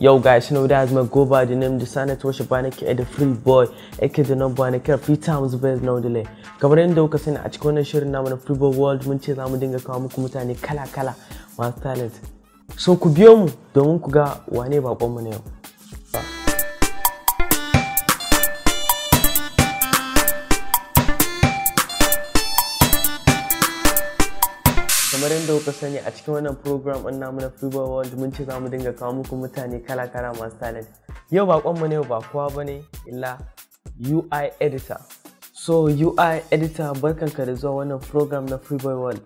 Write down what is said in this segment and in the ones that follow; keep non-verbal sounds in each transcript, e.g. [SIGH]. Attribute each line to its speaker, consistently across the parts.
Speaker 1: Yau, ga shi da that's goba da by the ta Designer Tosha ke at the Free Boy, aka the ba one care free times best no delay. Kamar yadda kuka sani a cikin wannan shirin namu na Free Boy World mun ce zamu dinga kawo muku mutane kala-kala masu talent. So ku biyo mu domin ku ga wane bakon mu na yau. kamar yadda kuka sani a cikin wannan program ɗin namu na Freeball World mun ce za mu dinga kawo muku mutane kala-kala masu talent. Yau baƙonmu ne ba kowa ba ne illa UI editor. So UI editor barkanka da zuwa wannan program na Freeboy World.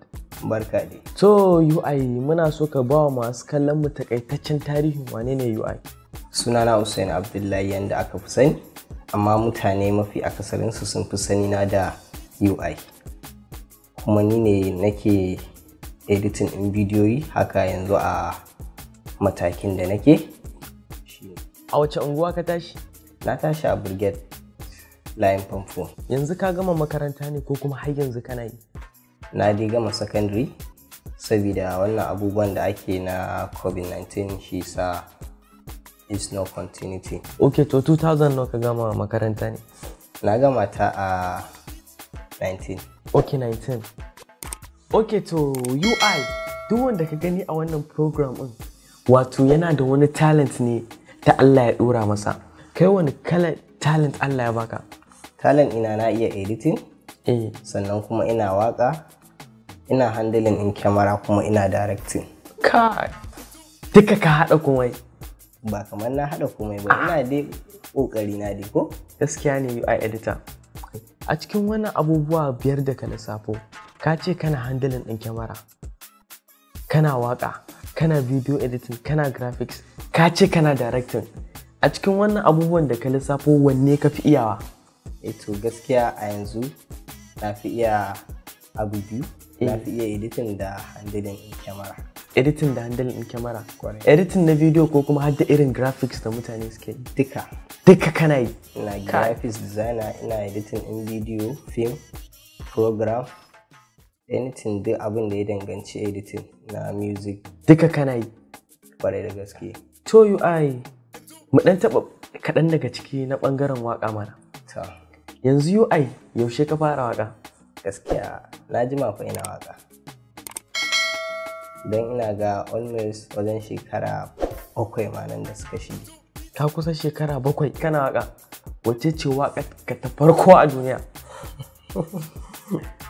Speaker 1: Barka ne. So UI muna so ka ba wa masu kallon mu takaitaccen tarihin
Speaker 2: wane ne UI? Sunana Hussein Abdullahi yanda aka fi sani, amma mutane mafi akasarinsu sun fi sani na da UI. Kuma ni ne nake editing in bidiyoyi haka yanzu a matakin da nake a wace unguwa ka tashi na tashi a brigade layin famfo
Speaker 1: yanzu ka gama makaranta ne ko kuma har yanzu kana yi
Speaker 2: na dai gama secondary saboda wannan abubuwan da ake na covid-19 shi sa is no continuity ok to
Speaker 1: 2000 no ka gama makaranta ne
Speaker 2: na gama ta a 19 ok 19
Speaker 1: ok to ui duk wanda ka gani a wannan program din
Speaker 2: wato yana da wani talent ne ta allah ya dora masa kai wani kala talent allah ya baka talent ina na iya editing eh. sannan kuma ina waka ina handling in camera kuma ina directing kai duka ka haɗa komai ba kamar na haɗa komai ba ina dai ƙoƙari na dai ko gaskiya ne ui editor
Speaker 1: a cikin wannan abubuwa biyar da ka lissafo ka ce kana handling ɗin kyamara kana waka kana video editing kana graphics ka ce kana directing a cikin wannan abubuwan da ka lissafo wanne ka fi iyawa
Speaker 2: eh to gaskiya a yanzu na fi iya abu biyu eh. na fi iya editing da handling ɗin kyamara editing da handling ɗin kyamara editing
Speaker 1: na video ko kuma hadda irin graphics da mutane suke duka duka kana yi
Speaker 2: na graphics designer ina editing ɗin video film program anything duk abin da ya danganci editing na music duka kana yi kwarai da gaske to Ui, mu dan taba kaɗan daga ciki na ɓangaren waka mana yanzu UI yaushe ka fara waka gaskiya na ji mafa ina waka don ina ga almost wajen shekara bakwai ma da suka shi
Speaker 1: Ta kusa shekara bakwai kana waka wacce ce waka ka ta farko a duniya [LAUGHS]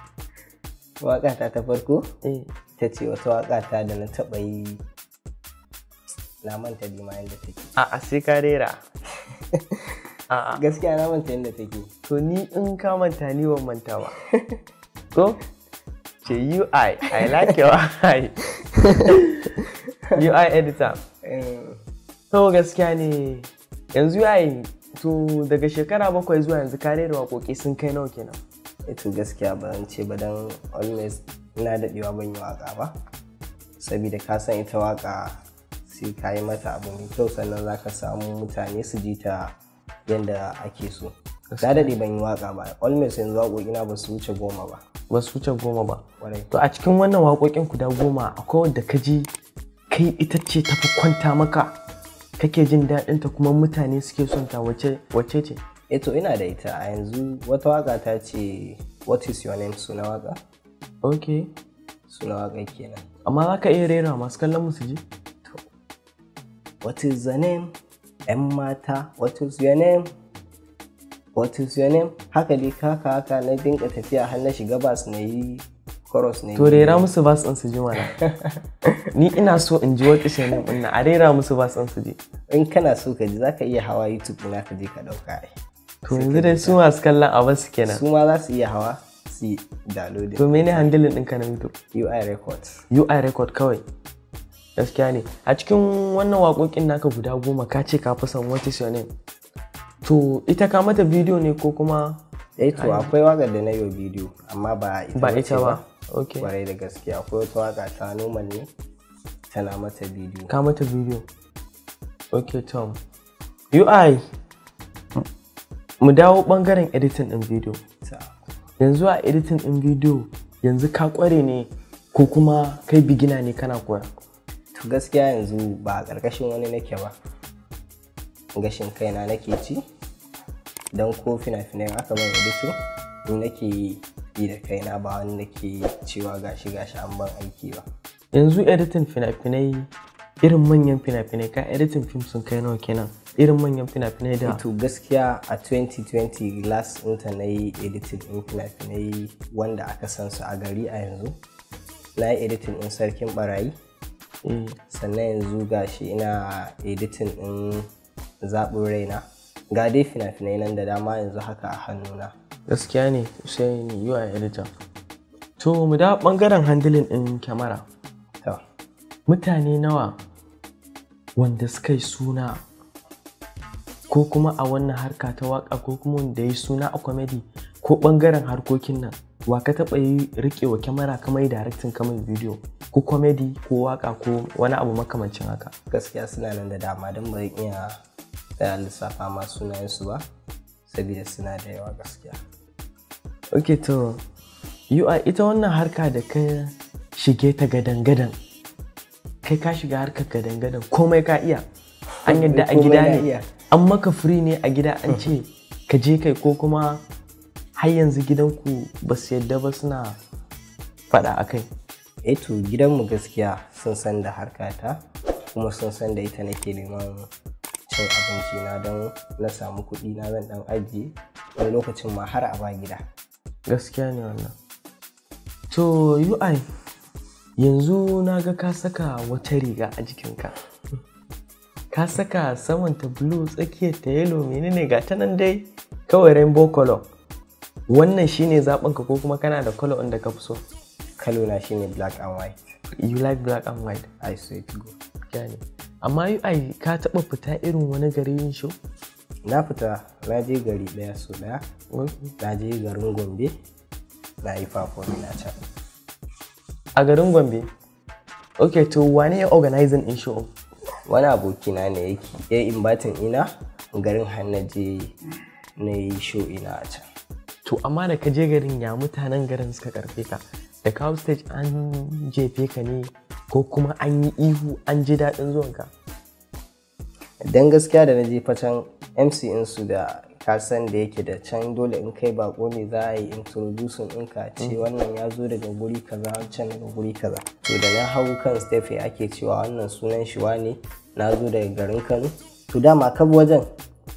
Speaker 2: waƙata ta farko eh. ta ce wata waƙata da na taɓa yi na manta bi yadda take a a sai ka rera [LAUGHS] gaskiya na manta yadda take
Speaker 1: to ni in ka manta ni ban manta ba ko ce UI I like your UI editor eh. to gaskiya ne yanzu UI to daga shekara bakwai zuwa yanzu karera
Speaker 2: rera waƙoƙi sun kai nawa kenan ito eh gaskiya ba zan ce ba don always ina daɗewa ban yi waƙa ba saboda ka san ita waƙa sai ka yi mata abu mai kyau sannan za ka samu mutane su ji ta yadda ake so na daɗe ban yi waƙa ba always yanzu waƙoƙina ba su wuce goma ba
Speaker 1: ba su wuce goma ba to a cikin wannan waƙoƙin guda goma akwai wadda ka ji kai ita ce ta kwanta maka kake jin daɗinta kuma mutane suke son ta wace ce
Speaker 2: eto eh ina da ita a yanzu wata waka ta ce what is your name suna waka ok suna waka kenan
Speaker 1: amma za ka iya rera masu kallon musu ji to
Speaker 2: what is the name yan mata what is your name what is your name haka dai haka haka na dinka tafiya har na shiga bas na yi chorus ne to rera
Speaker 1: musu bas ɗin su ji mana [LAUGHS] ni ina so in ji wata shi nan a rera musu bas ɗin su ji
Speaker 2: in kana so ka ji zaka iya hawa youtube na ka je ka ɗauka
Speaker 1: to yanzu dai su masu kallon a wasu kenan su
Speaker 2: ma za su iya hawa su yi downloading to mene
Speaker 1: handling ɗinka na youtube ui records. ui record kawai gaskiya ne a cikin wannan waƙoƙin naka guda goma ka ce ka fi son what is your name to ita ka mata bidiyo ne ko kuma eh to akwai
Speaker 2: waƙar da na yi bidiyo amma ba ita ba ita ba Ok. kwarai da gaskiya akwai wata waƙa ta noma ne tana mata bidiyo ka
Speaker 1: mata bidiyo okay tom ui mu dawo bangaren editing din video yanzu a editing din video yanzu ka kware ne ko kuma kai bigina ne kana koya
Speaker 2: to gaskiya yanzu ba a ƙarƙashin wani nake ba gashin kaina nake ci don ko fina-finai aka ban editing ni nake yi da kaina ba wani nake cewa gashi gashi an ban aiki ba
Speaker 1: yanzu editing fina-finai irin manyan fina-finai ka editing film sun kai nawa kenan irin manyan fina-finai da to
Speaker 2: gaskiya a 2020 last inta na yi editing in fina-finai wanda aka san su a gari a yanzu na yi editing ɗin sarkin barayi mm. sannan yanzu gashi ina editing ɗin zaɓin raina ga dai fina-finai nan da dama yanzu haka a hannuna gaskiya ne sai ne yi editor
Speaker 1: to mu da ɓangaren handling ɗin kyamara mutane nawa wanda suka yi suna ko kuma a wannan harka ta waƙa ko kuma wanda ya suna a comedy ko bangaren harkokin nan wa ka taɓa yi riƙe wa kyamara kamar daraktin kamar bidiyo ko comedy ko waƙa ko wani abu makamancin haka
Speaker 2: gaskiya suna nan da dama don ba iya tsaya lissafa ma su ba saboda suna da yawa
Speaker 3: gaskiya
Speaker 1: ok to yi ita wannan harka da ka shige ta gadan-gadan kai ka shiga harkar ka dangana komai ka iya
Speaker 3: an yadda a gida ne
Speaker 1: an maka firi ne a gida an ce ka je kai ko kuma har yanzu gidanku ba su yadda ba suna faɗa a kai
Speaker 2: eto eh gidanmu gaskiya sun san da harkata kuma sun san da ita nake neman cin abinci na don na samu kuɗi na zan dan ajiye wani lokacin ma har a ba gida
Speaker 1: gaskiya ne wannan to ui yanzu na ga ka saka wata riga a jikinka ka saka samanta blue tsakiyar ta yellow menene ga ta nan dai kawai rainbow color wannan shine zaɓinka ko kuma kana da color inda ka fi so shi shine black and white you like
Speaker 2: black and white i say to go
Speaker 1: gani amma ai ka taɓa fita irin wani gari yin show
Speaker 2: na fita na je gari ɗaya so ɗaya na je garin gombe na yi fafo na can a garin gombe ok to wane ya organizing in show wani abokina ne yake ya batin ina garin hannaje na yi show ina a can
Speaker 1: to amma da ka je garin ya mutanen garin suka karfe ka da kawo stage an jefe ka ne ko kuma an yi ihu an ji daɗin zuwanka
Speaker 2: don gaskiya da na je facen mc insu da ka san da yake da can dole in kai bako ne za a yi introducing ka ce mm. wannan ya zo daga guri kaza can daga guri kaza to da na hau kan stefe ake cewa wannan sunan shi ne na zo daga garin kano to dama bi wajen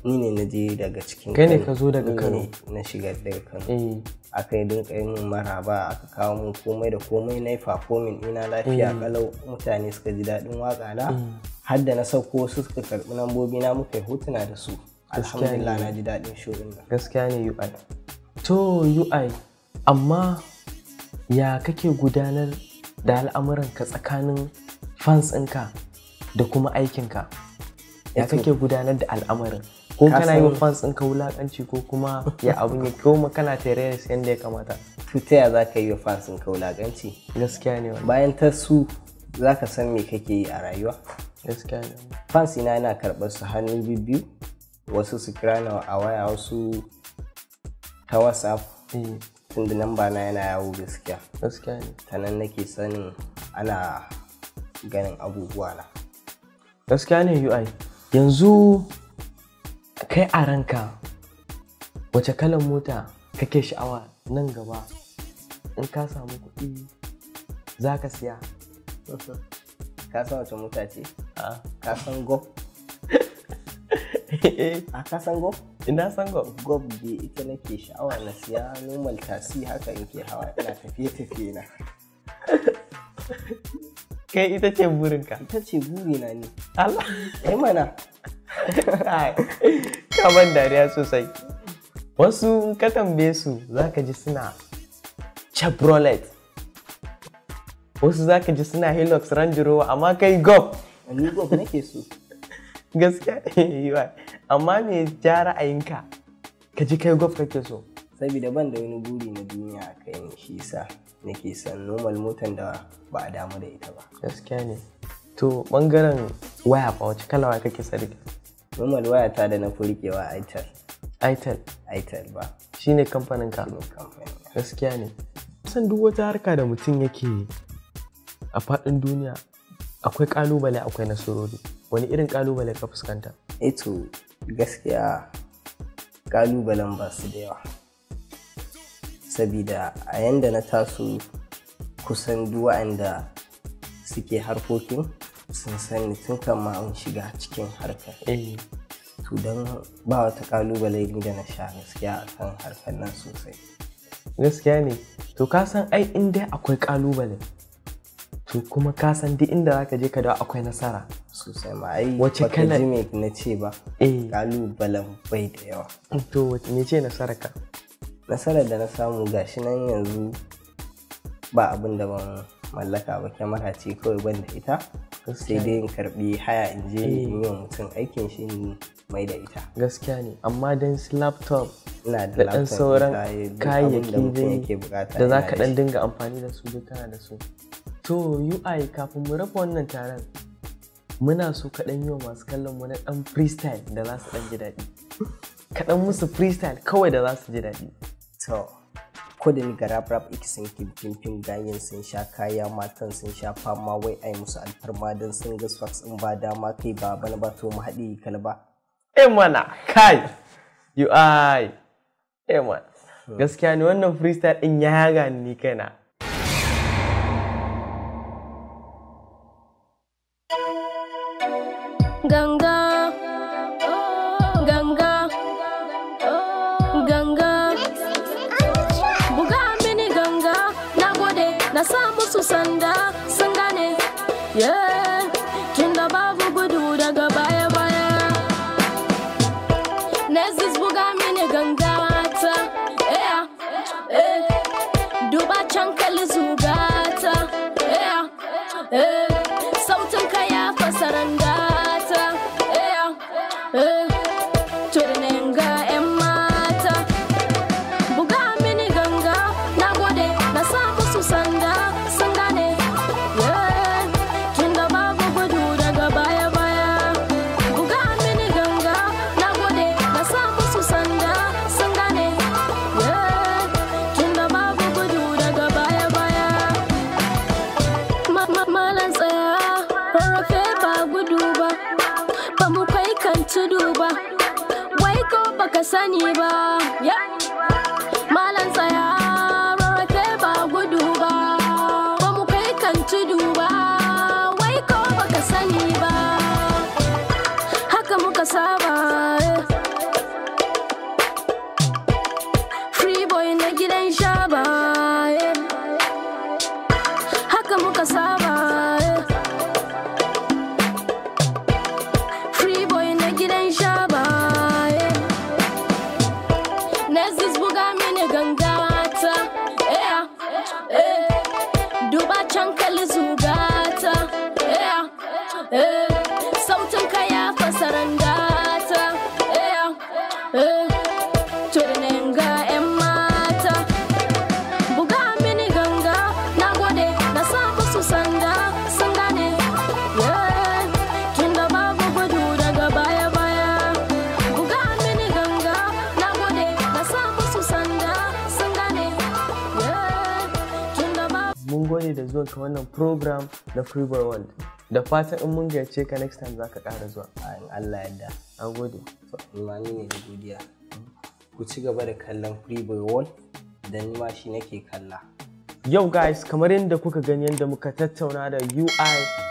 Speaker 2: ni ne na je daga cikin kai ne ka zo daga kano na shiga daga kano eh. aka yi dinka mun maraba aka kawo mun komai da komai na yi performing ina lafiya kalau mm. mutane suka ji daɗin waka na mm. har da na sauko su suka karɓi lambobi na muka yi hotuna da su alhamdulillah na ji daɗin shirin
Speaker 1: gaskiya ne ui to ui amma ya kake gudanar da al'amuranka tsakanin fans ɗinka da kuma aikinka ya eh kake gudanar da al'amarin ko kana yi wa fans ɗinka wulaƙanci ko kuma ya abin
Speaker 2: ya koma kana tare su yadda ya kamata to ta ya za ka yi wa fans ɗinka wulaƙanci gaskiya ne bayan ta su za ka san me kake yi a rayuwa gaskiya ne fans ina yana karɓar su hannu biyu wasu su kira na a waya wasu ta whatsapp tunda mm. namba na yana yawo gaskiya gaskiya ne ta nan nake sanin ana ganin abubuwa na gaskiya ne ui
Speaker 1: yanzu kai a ranka wace kalan mota kake sha'awa nan gaba in ka samu kuɗi za ka siya
Speaker 2: [LAUGHS] ka san wace mota ce ah. ka san gof Eh. [LAUGHS] a ka san gob ina san gob gob da ita nake sha'awa na siya normal tasi haka in ke hawa ina tafiye tafiye na kai ita ce burinka ita ce burina ne Allah yi
Speaker 1: mana kaman dariya sosai wasu in ka tambaye su zaka ji suna chevrolet wasu zaka ji suna hilux range rover amma kai gob
Speaker 2: ni gob nake so
Speaker 1: gaskiya [LAUGHS] yiwa amma me ja ra'ayinka
Speaker 2: ka ji kai gwaf kake so saboda ban da wani buri na duniya a kai ne shi sa nake son normal motan da ba a damu da ita ba
Speaker 1: gaskiya ne to bangaren waya ba wace kalawa kake
Speaker 2: sarki normal waya ta da na furkewa itel itel itel ba
Speaker 1: shine kamfanin ka gaskiya ne san duk wata harka da mutum yake a faɗin duniya akwai ƙalubale akwai nasarori wani irin kalubale
Speaker 2: ka fuskanta eto eh gaskiya kalubalen ba su da yawa sabida a yanda na taso kusan duwa'anda suke harkokin sun sani tun kama an shiga cikin harkar eh. to don ba wata kalubale da na sha gaskiya a kan harkar nan sosai
Speaker 1: gaskiya ne to ka san ai in akwai kalubale to kuma ka san duk inda zaka je ka da akwai nasara sosai ma ai wace kalar
Speaker 2: ji na ce ba eh. kalubalen bai da yawa
Speaker 1: to wace ne ce nasararka
Speaker 2: nasarar da na samu gashi nan yanzu ba abin da ban mallaka ba kyamara ce kawai ban da ita sai dai in karbi haya in je eh. in yi mutum aikin shi ne mai da ita
Speaker 1: gaskiya ne amma dan laptop da dan sauran kayayyaki da yake za ka dan dinga amfani
Speaker 2: da su duk kana da su
Speaker 1: to ui kafin mu raba wannan taron muna so kaɗan yi wa masu kallon
Speaker 2: wani ɗan freestyle da za su ɗan ji daɗi kaɗan musu freestyle kawai da za su ji daɗi to ko da ni ga rap rap iki sun fim, ganyen sun sha kaya matan sun sha fama wai ai musu alfarma don sun ga swax in ba dama kai ba bana ba to mu haɗi kalba eh mana kai you are eh
Speaker 1: mana hmm. gaskiya ne wannan freestyle ɗin ya gani ni kaina
Speaker 3: asunder. summer.
Speaker 1: Ka wannan program na Freeboy World. Da fatan in mun gayyace ka next time za ka ƙara zuwa. Ayin Allah
Speaker 2: yadda. An gode. To, amma ne da godiya. Ku ci gaba da kallon Freeboy World, ni ma shi nake kalla.
Speaker 1: Yau guys kamar yadda kuka gani yadda muka tattauna da UI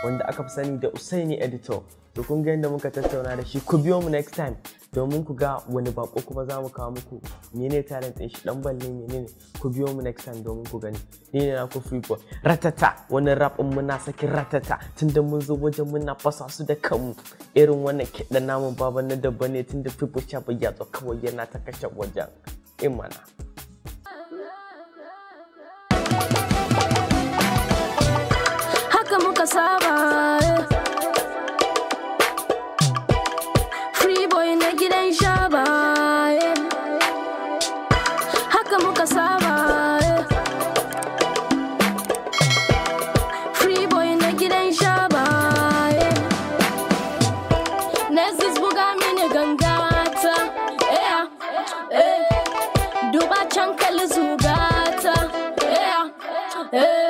Speaker 1: wanda aka fi sani da Usaini editor to kun ga yadda muka tattauna da shi ku biyo mu next time domin ku ga wani bako kuma za mu kawo muku menene talent din shi dan balle menene ku biyo mu next time domin ku gani ni ne na ku free boy ratata wani rap din muna sakin ratata tunda mun zo wajen muna fasa su da kanmu irin wannan kiɗan namun baban na dabba ne tunda people chapa ya kawai yana ta kashe wajen imana
Speaker 3: cassava. Eh. Free boy na gidan shaba. Eh. Hakamu muka saba. Eh. Free boy na gidan shaba. Nazis buga mini gangata. Yeah. Yeah. Duba can kalli zugata. Yeah. Yeah.